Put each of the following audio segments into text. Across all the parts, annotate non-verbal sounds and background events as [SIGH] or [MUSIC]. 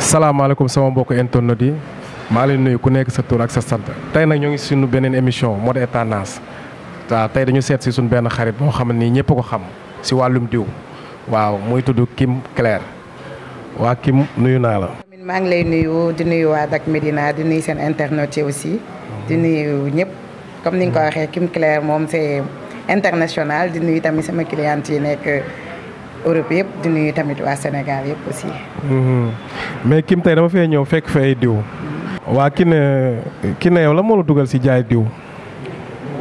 salaamaaleykum sama mbokk internet di maa leen nuyu ku nekk sa tur ak sa sant tey nag ñoo ngi suñu beneen émission mode et tendance waaw tey dañu seet si suñu benn xarit boo xam ni ñëpp ko xam si wàllum diw waaw muy tudd Kim Claire waa Kim nuyu naa la. maa ngi lay nuyu di nuyu waa Dak Médina di nuyu seen internet yi aussi. di mhm. nuyu ñëpp comme ni nga ko mhm. waxee Kim Claire moom c'est international di nuyu tamit sama cliente yi nekk. Europe yëpp dinañu tamit waa Sénégal yëpp aussi. mais Kim tey dama fee ñëw fekk fa ay diw. waa ki ne ki ne yow la moo la dugal si jaay diw.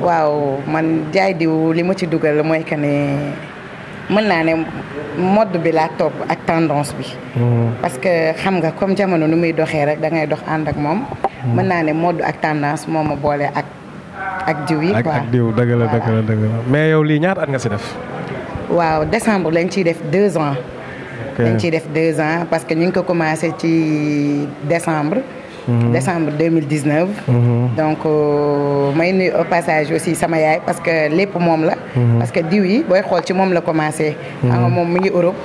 waaw man jaay diw li ma ci dugal mooy que ne mën naa ne mode bi laa topp ak tendance bi. parce que xam nga comme jamono nu muy doxee rek da ngay dox ànd ak moom. mën naa ne mode ak tendance moo ma boole ak ak diw yi quoi ak diw dëgg la dëgg la dëgg la mais yow lii ñaata at nga si def. waaw décembre lañ ciy def deux ans. dañ ciy def deux ans parce que ñu ngi ko commencé ci décembre. Mm -hmm. décembre 2019. Mm -hmm. donc euh, may nuyu au passage aussi sama yaay parce que lépp moom la. Mhm. parce que diw yi booy xool ci moom la commencé. xam mhm. moom mu ngi Europe.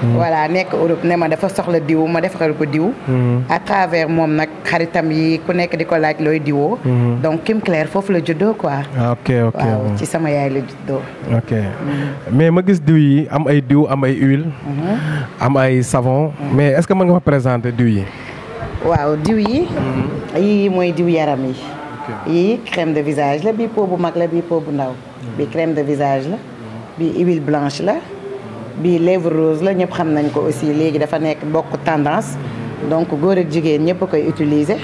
Mm. voilà nek Europe nema dafa soxla diw ma defaral ko diw. Mm. à travers mom nak xaritam yi ku nek diko ko laaj looy diwoo. Mm-hmm. donc Kim clair fofu la juddo quoi. Ah, ok ok ci sama yaay la juddo ok mm. mais ma gis diw yi am ay diw am ay huile. Mm-hmm. am ay savon. mais est-ce que mën nga fa présenter diw yi. waaw diw yi. Mm-hmm. yi moy diw yaram yi. yi crème de visage la bi pot bu mag la bi pot bu ndaw. bi crème de visage la. bi huile blanche la bi lèvre rose la ñep xam nañ ko aussi légui dafa nek bokk tendance donc góor ak jigen ñep koy utiliser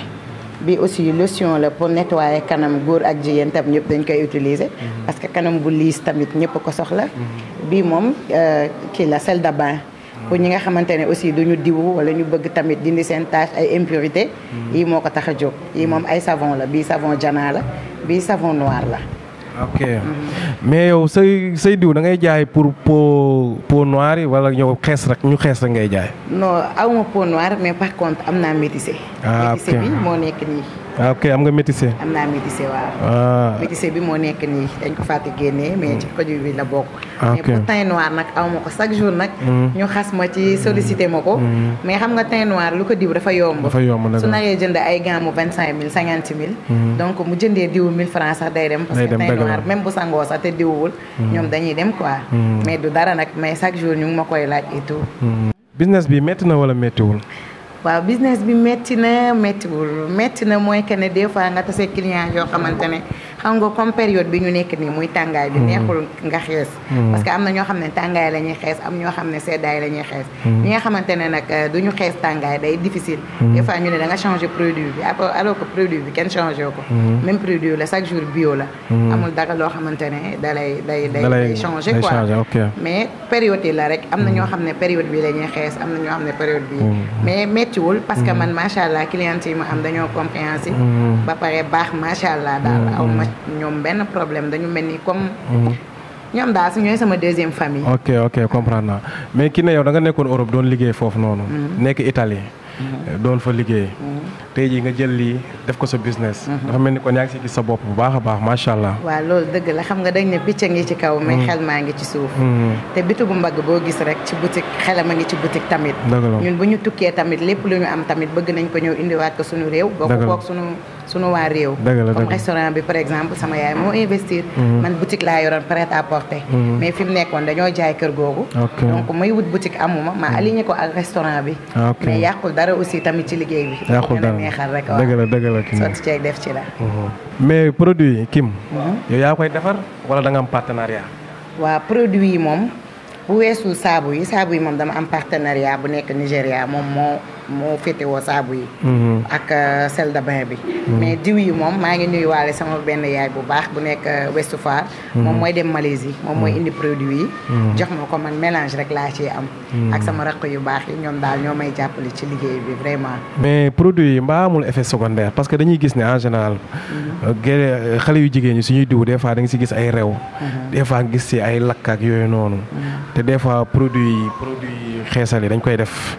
bi aussi lotion la pour nettoyer kanam góor ak jigéen tam ñëpp dañ koy utiliser parce que kanam bu lisse tamit ñep ko soxla bii moom euh, kii la sel de bain pour ñi nga xamantene aussi duñu diwu wala ñu bëgg tamit dindi sen tache ay impurité hmm. yi moko ko tax yi mom ay savon la bi savon jana la bi savon noir la ok mais yow say say diw da ngay jaay pour peau peau yi wala ñëw xees rek ñu xees rek ngay jaay. non awma peau noire mais par contre am na métissé. ah ok bi moo nekk nii. ah ok am nga métissé. am ah. bi moo nekk nii dañ ko fàtte génnee mais ci produit la bokk. Ah, mais pour teint noir nag awma ko chaque jour nag. Mm. ñu xas ma ci sollicité ma ko. Mm. mais xam nga teint noir lu ko diw dafa yomb. su naree jënd ay gants vingt cinq mille cinquante mille. Mm. donc mu jëndee diw mille francs sax day dem. parce que naar même bu sangoo sax te diwul hmm. ñoom dañuy dem waa hmm. mais du dara nag mais chaque jour ñu ngi ma koy laaj et tout hmm. business bi métti na wala méttiwul waaw business bi métti na méttiwul metti na mooy que ne des fois nga tase client yoo xamante ne xam nga comme période bi ñu nekk nii muy tàngaay bi mm. neexul nga xees mm. parce que am na ñoo xam ne tàngaay la ñuy xees am ñoo xam ne seddaay la ñuy xees mm. ñi nga xamante ne nag euh, duñu xees tàngaay day difficile des fois ñu ne da nga changé produit bi alors que produit bi kenn changé ko même produit la chaque jour bio la amul dara loo xamante ne da lay day day changé quoi mais période yi la rek am na ñoo xam ne période bi la ñuy xees am na ñoo xam ne période bi mais méttiwul parce que man macha allah clients yi ma am dañoo compréhensible ba pare baax macha allah daal aw ma ñoom benn problème dañu mel ni comme. Mhm. ñoom daal si ñooy sama deuxième famille. ok ok comprendre naa mais ki ne yow da nga nekkoon Europe doon liggéey foofu noonu. Mhm. nekk Italie. Mm-hmm. doon fa liggéey mm-hmm. tey jii nga jël lii def ko sa business mm-hmm. dafa mel ni kon yaa ngi si gis sa bopp bu baax a baax macha allah waaw loolu dëgg la xam nga dañ ne picc a ngi ci kaw mais xel maa ngi ci ci boutique xelam ngi ci boutique tamit ñun bu ñu tamit lépp lu ñu tamit bëgg nañ ko ñëw ko suñu réew boo ko kook suñu suñu waa réew comme restaurant bi par exemple sama yaay moo investir man boutique laa yoroon prêt à porter mais fi mu nekkoon dañoo jaay kër googu donc may wut boutique amuma ma aligné ko ak restaurant bi mais yàqul dara dara aussi tamit ci liggéey bi. yàqul dara neexal rek waaw dëgg la dëgg la Kim sotti ceeg def ci la. Uh-huh. mais produit yi Kim. Mhm. yow yaa koy defar wala da nga am partenariat. waaw produit yi moom bu weesu saabu yi saabu yi moom dama am partenariat bu nekk Nigéria moom moo. moo féetewoo saabu yi mhm. ak euh, sel de bain bi mhm. mais diw yi moom maa ngi nuyu walé sama benn yaay bu baax bu nek Ouest euh, Foire mhm. moom mooy dem Malaisie mom moy indi produit yi jox ma ko man mélange rek la ci am ak sama raq yu baax yi ñom dal ñomay may ci liggéey bi vraiment mais produit yi mbaa amul effet secondaire parce que dañuy gis né en général euh, xalé yu jigéen ñi suñuy diw des fois da nga si gis ay rew des fois gis ci ay lakk ak yooyu noonu te des fois produit produit xeesal dañ koy def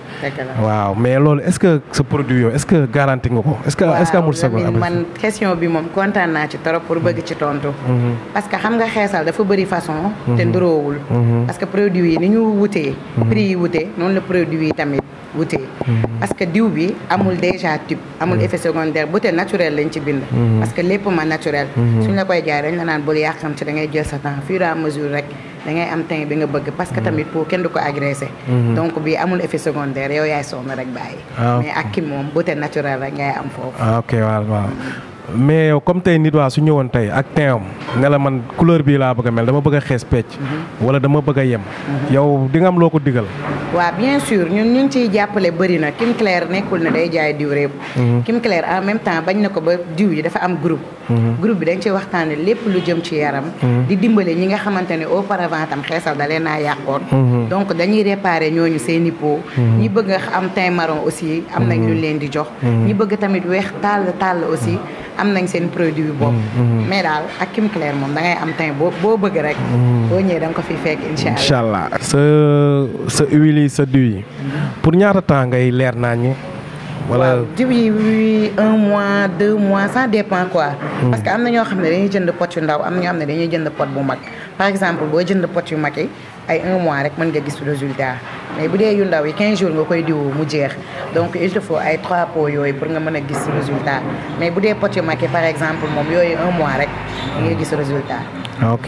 waaw mais mais loolu est ce que sa produit yow est ce que garanti nga ko est ce que est ce que amul sago man question bi moom content naa ci trop pour bëgg ci tontu mm-hmm. parce que xam nga xeesal dafa bëri façon te mm-hmm. ndurowul mm-hmm. parce que produit yi ni ñu wutee prix yi wutee noonu la produit yi tamit wutee mm-hmm. parce que diw bi amul déjà tube amul mm-hmm. effet secondaire beauté naturel lañ ci bind mm-hmm. parce que lépp ma naturel suñ la koy jaay dañ la naan yàqam ci da ngay jël sa temps fur et à mesure rek da am teint bi nga bëgg parce que tamit pour kenn du ko agressé donc bi amul effet secondaire yow yaay sonn rek bàyyi ah, mais ak ki moom beauté naturelle rek ngay am foofu ah, ok mais yow comme tey nit waa su ñëwoon tey ak teewam ne la man couleur bii laa bëgg a mel dama bëgg a xees pecc. Mhm. wala dama bëgg yem. Mhm. yow di nga am loo ko digal. waaw bien sûr ñun ñu ngi ciy jàppale bëri na Kim Claire nekkul ne day jaay diw réew. Mhm. Kim Claire en même temps bañ ne ko ba diw yi dafa am groupe. groupe bi dañ ciy waxtaane lépp lu jëm ci yaram. di dimbale ñi nga xamante ne auparavant tam xeesal da leen a yàqoon. donc dañuy réparer ñooñu seen i ñi bëgg a am teint am nañ lu di jox. ñi am nañ seen produit bopp. Mm, mm. mais daal ak Kim Claire moom dangay ngay am teint boo boo bëgg rek. Mm. boo ñëwee da ko fi fekk incha allah. incha allah sa sa sa diw yi. Mm-hmm. pour ñaata temps ngay leer naññi. voilà diw yi oui un mois deux mois ça dépend quoi. parce que am na ñoo xam ne dañuy jënd pot yu ndaw am na ñoo xam ne dañuy jënd pot bu mag par exemple boo jënd pot yu mag yi. ay un mois rek man nga gis résultat mais bu dee yu ndaw yi 15 jours nga koy diwoo mu jeex donc il te faut ay trois pots yooyu pour nga mën a gis résultat mais bu dee pot yu par exemple moom yooyu un mois rek nga gis résultat ah, ok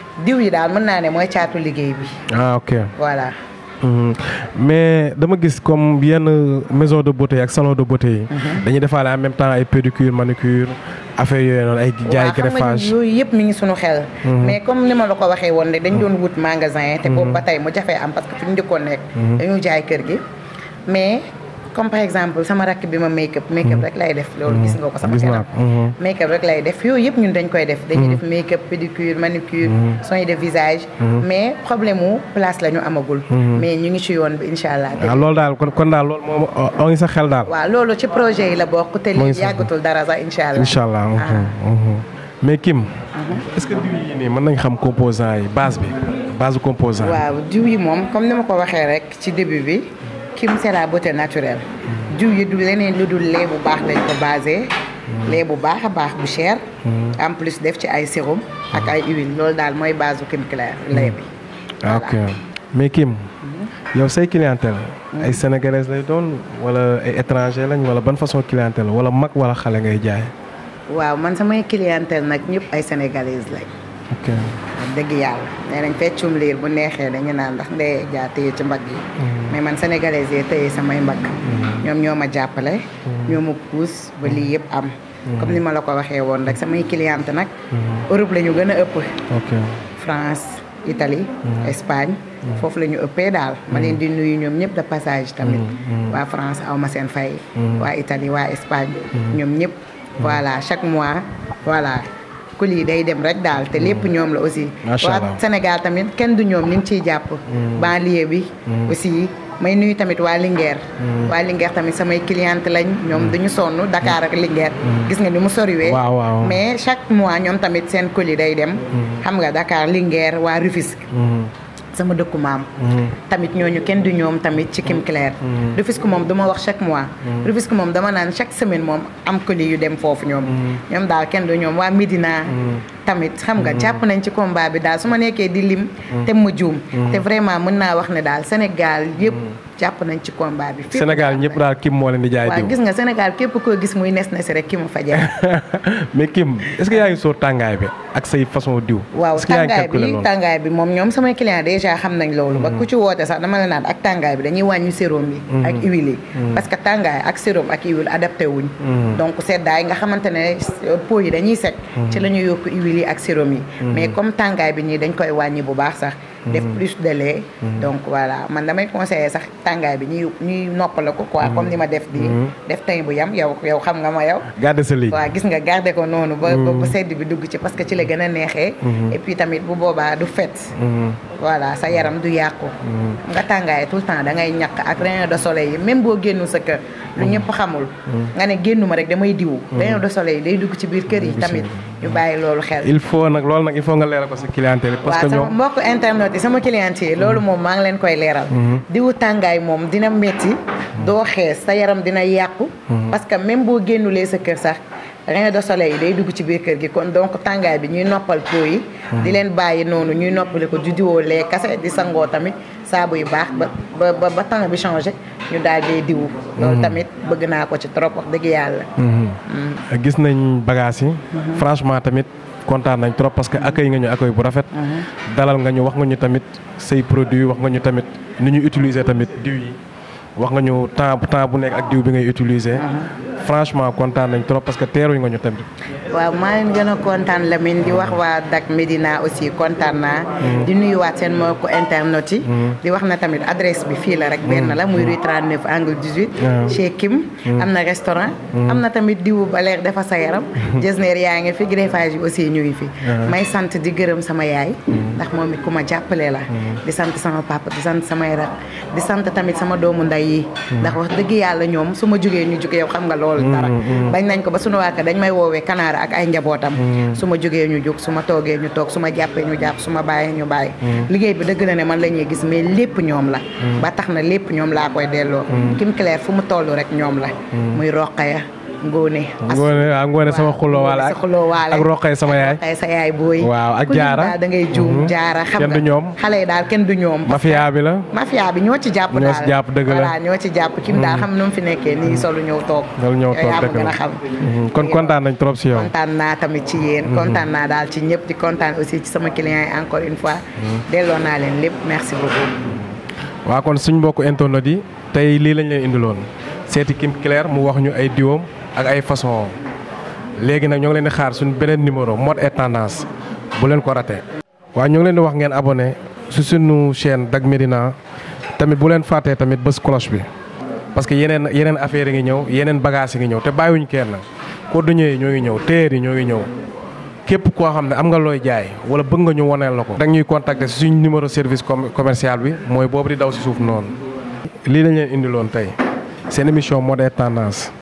diw yi daal mën naa ne mooy caatu liggéey bi. ah ok voilà. Mhm. mais dama gis comme yenn maison de beauté ak salon de beauté yi. Mhm. dañuy defaale en même temps ay pédicure manucure affaire yooyu noonu ay. jaay greffage yooyu yëpp mi ngi suñu xel. Mhm. mais comme ni ma la ko waxee woon de dañ doon wut magasin. te boobu ba tey mu jafee am parce que fi ñu njëkkoon nekk. dañoo jaay kër gi mais. comme par exemple sama rakk bi ma make up make up hmm. rek lay def loolu hmm. gis nga ko sama kanam hmm. make up rek lay def yooyu yëpp ñun dañ koy def dañuy def make up pédicure manucure soin de visage mais problème place la ñu amagul mais ñu ngi ci yoon bi incha allah ah, loolu daal kon kon daal loolu moom o ngi sa xel daal waaw loolu ci projet yi la bokk te li yàggatul dara sax incha allah incha allah ah. mais Kim mhm. est-ce que diw yi nii mën nañ xam composant yi base bi base composant waaw diw yi moom comme ni ma ko waxee rek ci début bi Kim c'est la beauté naturelle. diw yi du leneen lu dul lait bu baax dañ ko basé. Mm. lait bu baax a baax bu cher. Mm. en plus def ci ay sérum. ak ay mm. huile loolu daal mooy base Kim Clair lait bi. Ah, ok mais Kim. Mm-hmm. yow say clientèle ay sénégalaises lay doon wala ay étranger lañ wala ban façon clientèle wala mag wala xale ngay jaay. waaw man samay clientèle nag ñëpp ay sénégalaises lañ. ok dëgg yàlla nee nañ feccum liir bu neexee dañu naan ndax ndey jaa téye ci mbagg yi mm-hmm. mais man sénégalais yi téye samay mbagg mm-hmm. ñoom ñoo ma jàppale mm-hmm. ñoo ma puus ba lii yëpp am comme ni ma la ko waxee woon rek samay cliente nag Europe la ñu gën a ëpp France Italie Espagne foofu la ñu ëppee daal ma leen di nuyu ñoom ñëpp de passage tamit waa France aw ma seen fay waa Italie waa Espagne ñoom ñëpp voilà chaque mois voilà ku lii day dem rek daal te lépp mm. ñoom la aussi waa Sénégal tamit kenn du ñoom niñ ciy jàpp mm. banlieue bi mm. aussi may nuy tamit waa Linguère waa Linguère tamit samay cliente lañ ñoom duñu sonn Dakar ak Linguère gis nga ni mu soriwee mais chaque mois ñoom tamit seen colis day dem xam nga Dakar Linguère waa Rufisque sama dëkku maam. Mm-hmm. tamit ñooñu kenn du ñoom tamit ci Kim Claire. Mm-hmm. Rufisque moom du ma wax chaque mois. Mm-hmm. Rufisque moom dama naan chaque semaine moom am colis yu dem foofu ñoom. ñoom daal kenn du ñoom waa Médina. tamit xam nga mm. jàpp nañ ci combat bi daal su ma nekkee di lim mm. te mu juum mm. te vraiment mën naa wax ne daal Sénégal yëpp jàpp nañ ci combat bi Sénégal ñëpp daal Kim moo leen di jaay waaw gis nga Sénégal képp koo gis muy nes na si rek Kim fa jaay [LAUGHS] mais bi ak say façon diw waaw tàngaay bi tàngaay bi moom ñoom samay client déjà xam nañ loolu ba mm-hmm. ku ci woote sax dama la naan ak tàngaay bi dañuy wàññi sérum yi mm-hmm. ak huile yi mm-hmm. parce que tàngaay ak sérum ak huile adapté wuñ donc seddaay nga xamante ne euh, yi dañuy set ci la ñu yokk huile yi ak sérum yi mm-hmm. mais comme tàngaay bi nii dañ koy wàññi bu baax sax def mm-hmm. plus de lait mm-hmm. donc voilà man damay conseiller sax tàngaay bi ñuy ñuy noppala ko quoi mm-hmm. comme ni ma def di def teint bu yam yow yow xam nga ma yow garde sa lii waaw gis nga garder ko noonu ba ba sedd bi dugg ci parce que ci la gën a neexee et puis tamit bu boobaa du fet voilà sa yaram du yàqu nga tàngaay tout le temps da ngay ñàkk ak rayon de soleil yi même boo génnu sa kër lu ñëpp xamul nga ne génnuma rek damay diwu rayon de yi day dugg ci biir kër yi tamit ñu bàyyi loolu xel il faut nag loolu nag il faut nga leeral ko sa clientèle parce que ñoom mbokk internet di sama client yi loolu moom maa ngi leen koy leeral mhm. diwu tàngaay moom dina metti doo xees sa yaram dina yàqu mhm. parce que même boo génnulee sa kër sax rayon de soleil yi day dugg ci biir kër gi kon donc tàngaay bi ñuy noppal peau yi mhm. di leen bàyyi noonu ñuy noppali ko di diwoo lee kase di sangoo tamit saabu yu baax ba ba ba temps bi changé ñu daal di diwu loolu tamit bëgg naa ko ci trop wax dëgg yàlla gis nañ bagage yi franchement tamit kontaan nañ trop parce que accueil nga ñu accueil bu rafet. dalal nga ñu wax nga ñu tamit say produit wax nga ñu tamit ni ñu utiliser tamit diw yi. wax nga ñu temps temps bu nek ak diw bi ngay utiliser. franchement kontaan nañ trop parce que teeruñ nga ñu tamit. waaw maa leen gën a kontaan Lamine di wax waa Dak Médina aussi kontaan naa. Mm. di waat seen moo mbokku internet yi. Mm. di wax na tamit adresse bi fii la rek benn la muy mm. rue 39 angle 18. chez Kim. am na restaurant. am na tamit diwu leer dafa sa yaram. [LAUGHS] Jesner yaa ngi fi greffage yi aussi ñu ngi fi. may sant di gërëm sama yaay. ndax moom it ku ma jàppale la. di sant sama papa di sant samay rak di sant tamit sama doomu nday yi. ndax wax dëgg yàlla ñoom su ma jugee ñu xam nga loolu ak ay njabootam mm. su ma jógee ñu jóg suma toogee ñu toog su ma jàppee ñu jàpp suma ma bàyyee ñu bàyyi mm. liggéey bi dëgg na ne man la ñuy gis mais lépp ñoom la mm. ba tax na lépp ñoom laa koy delloo Kim Claire fu mu toll rek ñoom la muy Roqaya Ngone. Ngone ah, waaw Ngone sama xuloo waale ak ak Roqay sama yaay. sa yaay booy. waaw ak jaara da ngay juum mhm. jaara. xam nga kenn du ñoom xale yi daal kenn du ñoom. mafia bi la. mafia bi ñoo ci jàpp daal ñoo ci jàpp ñoo ci jàpp. kim daal mhm. xam nu mu fi nekkee nii solu ñëw toog. solu ñëw toog dëgg la mhm. kon kontaan nañ trop si yow. kontaan naa tamit ci yéen. kontaan naa daal ci ñëpp di kontaan aussi ci sama client yi encore une fois. delloo naa leen lépp merci beaucoup. waaw kon suñ mbokku internet yi tey lii lañ leen indiloon seeti Kim Claire mu wax ñu ay diwoom ak ay façon léegi nag ñoo ngi leen di xaar suñu beneen numéro mode et tendance bu leen ko raté. waaye ñoo ngi leen di wax ngeen abonné su suñu chaîne Dak Médina tamit bu leen fàttee tamit bés cloche bi parce que yeneen yeneen affaires yi ngi ñëw yeneen bagages yi ngi ñëw te bàyyiwuñ kenn cordonniers yi ñoo ngi ñëw tailleurs yi ñoo ngi ñëw. képp koo xam ne am nga looy jaay wala bëgg nga ñu woneel la ko. da ñuy contacter si suñ numéro service commercial bi mooy boobu di daw si suuf noonu. lii lañ leen indiloon tey seen émission mode et tendance.